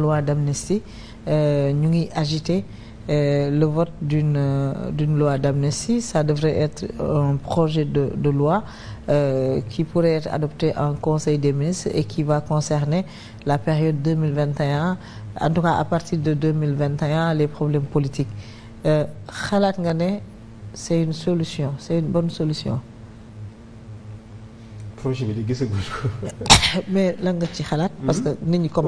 loi d'amnistie euh, ñu ngi agiter euh, le vote d'une euh, d'une loi d'amnistie ça devrait être un projet de de loi euh, qui pourrait être adopté en conseil des ministres et qui va concerner la période 2021 en tout cas à partir de 2021 les problèmes politiques xalaat nga ne c'est une solution c'est une bonne solution projet bi di gisaguñ ko. mais lan nga ci xalaat. Hmm? parce que nit ñi ko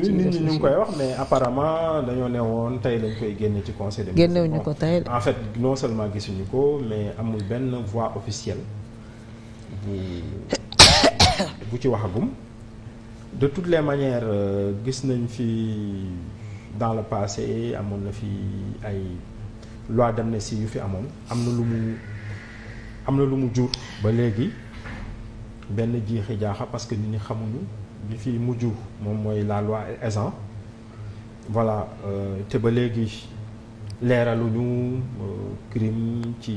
ci nit ñi ñu koy wax mais apparemment dañoo ne woon tey lañ koy génne ci conseil. des génnewuñu ko tey en fait non seulement gisuñu ko mais amul benn voix officielle bu bu ci waxagum. de toutes les manières euh, gis nañ fi dans le passé amoon na fi ay loi si yu fi amoon am na lu mu am na lu mu jur ba léegi. benn jiixi jaaxa parce que ni ñi xamuñu bi fi mujj moom mooy la loi Ezzan voilà euh, te ba léegi leeraluñu euh, crime ci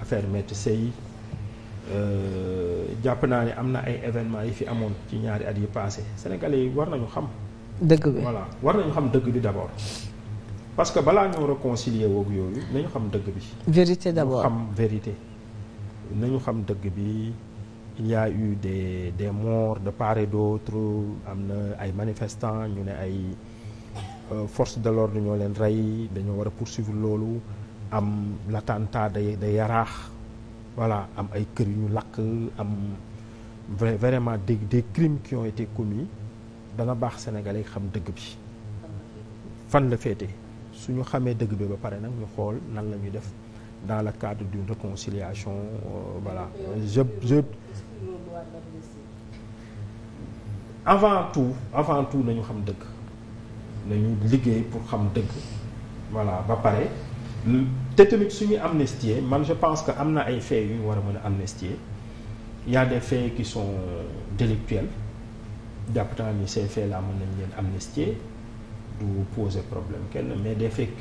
affaire Maître Sèye euh, jàpp naa ni am na ay événements yi fi amoon ci ñaari at yi passé sénégalais yi war nañu xam. dëgg bi voilà war nañu xam dëgg bi d'abord. parce que balaa ñoo réconcilier woog yooyu nañu xam dëgg bi. vérité d'abord xam dëgg bi. il y a eu des des de part et d'autre am na ay manifestants ñu ne ay euh, force de l'ordre ñoo leen rey dañoo war a poursuivre loolu am l'attentat de de Yaraax voilà am ay kër yu ñu lakk am vraiment dégg des crimes qui ont été commis dana baax sénégalais xam dëgg bi fan la féete su ñu xamee dëgg bi ba pare nag ñu xool nan la ñuy def dans le cadre d'une réconciliation euh, voilà je je avant tout avant tout nañu xam dëgg nañu liggéey pour xam dëgg voilà ba pare te tamit suñu amnistier man je pense que am na ay faits yu ñu war mën a amnistier y a des faits qui sont euh, délictuels jàpp naa ni ces faits là mën nañ leen amnistier du poser problème kenn mais des faits